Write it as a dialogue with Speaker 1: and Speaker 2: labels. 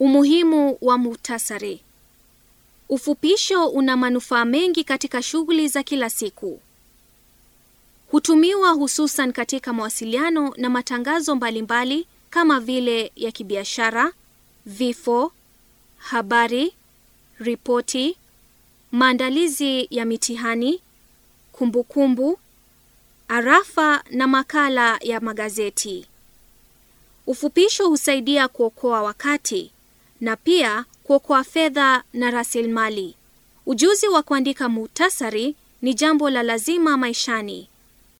Speaker 1: Umuhimu wa muhtasari. Ufupisho una manufaa mengi katika shughuli za kila siku. Hutumiwa hususan katika mawasiliano na matangazo mbalimbali mbali kama vile ya kibiashara, vifo, habari, ripoti, maandalizi ya mitihani, kumbukumbu, arafa na makala ya magazeti. Ufupisho husaidia kuokoa wakati na pia kuokoa fedha na rasilimali. Ujuzi wa kuandika muhtasari ni jambo la lazima maishani.